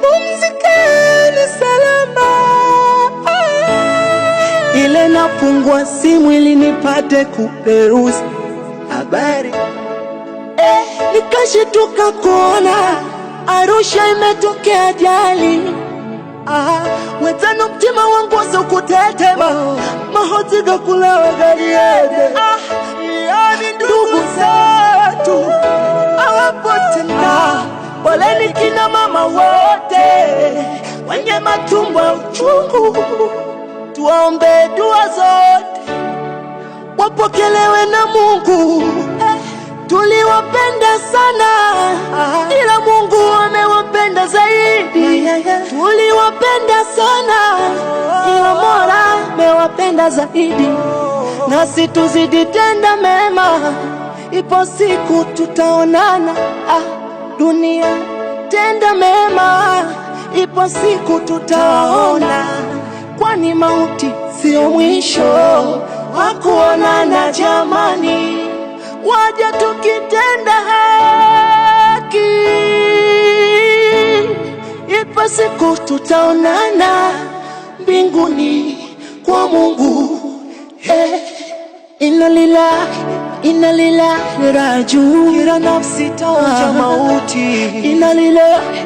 Pumzikeni salama. Ile nafungua simu ili nipate kuperuzi habari eh, nikashituka kuona Arusha imetokea ajali. Wetano mtima wangu mahotiga kulawa gakulawa galiede ah, Yesu awapotenda. Poleni kina mama wote wenye matumbo ya uchungu, tuombe dua zote wapokelewe na Mungu. Tuliwapenda sana, ila Mungu amewapenda zaidi. Tuliwapenda sana, ila Mola tutapenda zaidi, nasi tuzidi tenda mema, ipo siku tutaonana. Ah, dunia tenda mema, ipo siku tutaona, kwani mauti sio mwisho wa kuonana. Jamani, waja tukitenda haki, ipo siku tutaonana mbinguni kwa Mungu hey. Inna lillahi inna lillahi rajiun, ila nafsi taonja ah. mauti. Inna lillahi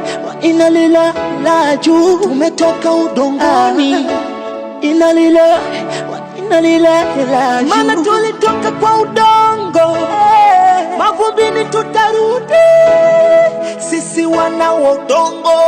inna lillahi rajiun, tumetoka udongoni ah. Inna lillahi inna lillahi rajiun, maana tulitoka kwa udongo hey. Mavumbini tutarudi sisi wana wa udongo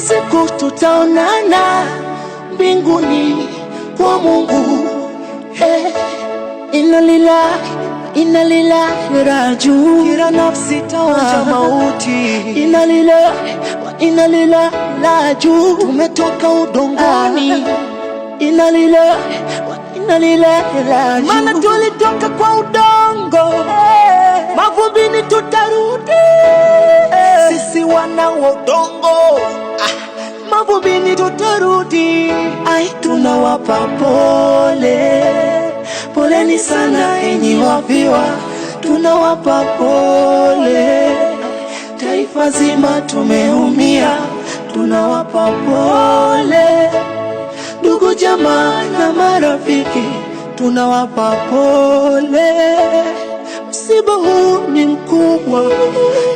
siku tutaonana mbinguni kwa Mungu. Hey, eh, inna lillahi inna lillahi raju, kila nafsi taonja mauti. Inna lillahi wa inna lillahi raju, tumetoka udongoni. Inna lillahi wa inna lillahi raju, maana tulitoka kwa udongo. Hey. Eh, ai, tunawapa pole, poleni sana enyi wafiwa, tunawapa pole. Taifa zima tumeumia, tunawapa pole. Ndugu jamaa na marafiki, tunawapa pole. Msiba huu ni mkubwa,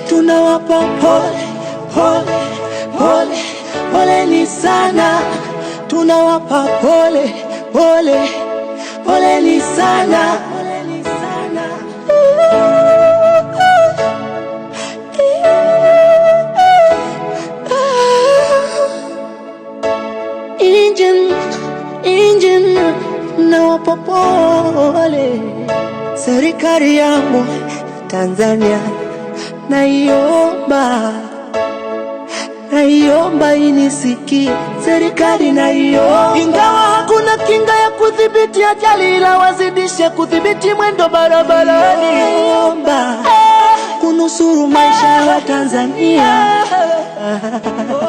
tunawapa pole pole pole, poleni sana tunawapa pole pole, poleni sana. Injini, nawapa pole serikali yangu Tanzania naiomba naiomba inisikie serikali naio, ingawa hakuna kinga ya kudhibiti ajali, ila wazidishe kudhibiti mwendo barabarani, naiomba kunusuru maisha ya Watanzania eh, eh, eh.